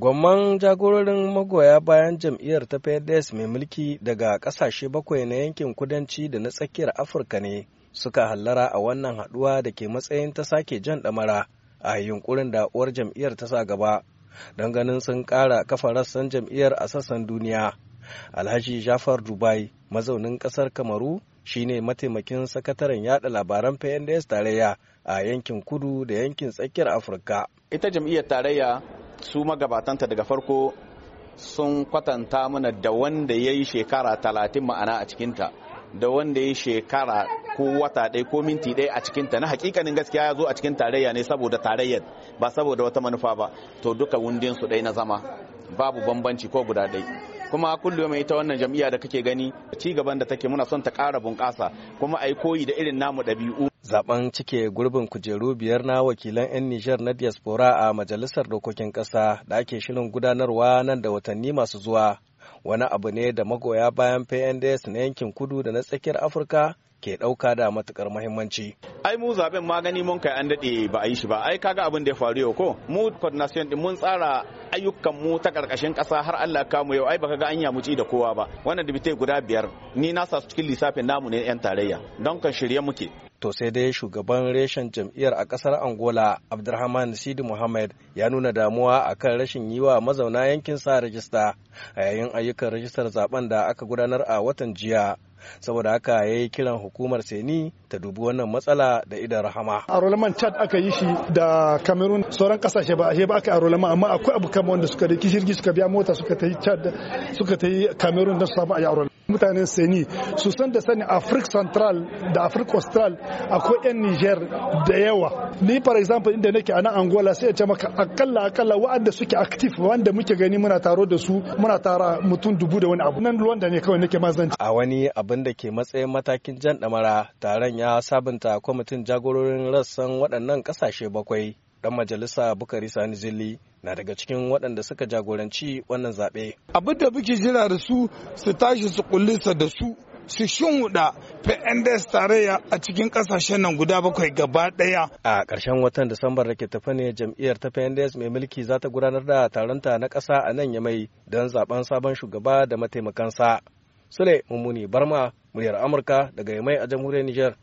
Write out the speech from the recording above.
Gwamman jagororin magoya bayan jam'iyyar ta PDS mai mulki daga ƙasashe bakwai na yankin kudanci da na tsakiyar Afirka ne suka hallara a wannan haɗuwa da ke matsayin ta sake jan ɗamara a yunkurin da uwar jam'iyyar ta sa gaba don ganin sun ƙara kafa rassan jam'iyyar a sassan duniya. Alhaji Jafar Dubai mazaunin ƙasar Kamaru shine mataimakin sakataren yada labaran pds tarayya a yankin kudu da yankin tsakiyar Afirka. Ita jam'iyyar tarayya su magabatanta daga farko sun kwatanta mana da wanda ya yi shekara talatin ma'ana a cikinta da wanda ya yi shekara ko wata ɗaya ko minti ɗaya a cikinta na hakikanin gaskiya ya zo a cikin tarayya ne saboda tarayyar ba saboda wata manufa ba to duka wundinsu ɗaya na zama babu bambanci ko guda ɗaya kuma kullum ita wannan jam'iyya da kake gani ci gaban da take muna son ta ƙara bunƙasa kuma a koyi da irin namu ɗabi'u. Zaben cike gurbin kujeru biyar na wakilan 'yan Nijar na diaspora a majalisar dokokin ƙasa da ake shirin gudanarwa nan da watanni masu zuwa. Wani abu ne da magoya bayan PNDS na yankin kudu da na tsakiyar Afirka ke ɗauka da matukar muhimmanci. Ai mu zaben magani mun kai an daɗe ba a yi shi ba ai kaga abin da ya faru yau ko mu coordination din mun tsara ayyukan mu ta karkashin ƙasa har Allah ka mu yau ai baka ga anya mu ci da kowa ba wannan dibitai guda biyar ni na sa su cikin lissafin namu ne yan tarayya don kan shirye muke. To sai dai shugaban reshen jam'iyyar a ƙasar Angola Abdulrahman Sidi Muhammad ya nuna damuwa akan rashin yi wa mazauna yankin sa rajista a yayin ayyukan rajistar zaben da aka gudanar a watan jiya. saboda haka ya yi kiran hukumar seni ta dubi wannan matsala da idan rahama. a roleman chad aka yi shi da cameroon sauran kasashe ba a ba aka a roleman amma akwai abu kama wanda suka da kishirgi suka biya mota suka ta yi chad suka ta yi cameroon don su samu a yi mutanen sani su san da sani afrik central da afrik austral akwai 'yan niger da yawa ni for example inda nake a nan angola sai ya ce maka akalla akalla wa'anda suke active wanda muke gani muna taro da su muna tara mutum dubu da wani abu nan luwanda ne kawai nake mazan a wani abin da ke matsayin matakin jan damara taron ya sabunta kwamitin jagororin rassan waɗannan ƙasashe bakwai dan majalisa Bukari Sani Zilli na daga cikin waɗanda suka jagoranci wannan zaɓe. Abin da muke jira da su su tashi su kullisa da su su shunwuda PNDS tarayya a cikin kasashen nan guda bakwai gaba daya. A ƙarshen watan Disambar da ke tafi ne jam'iyyar ta PNDS mai mulki za ta gudanar da taronta na ƙasa a nan Yamai don zaben sabon shugaba da mataimakansa. Sule Mummuni Barma, muryar Amurka daga Yamai a jamhuriyar Nijar.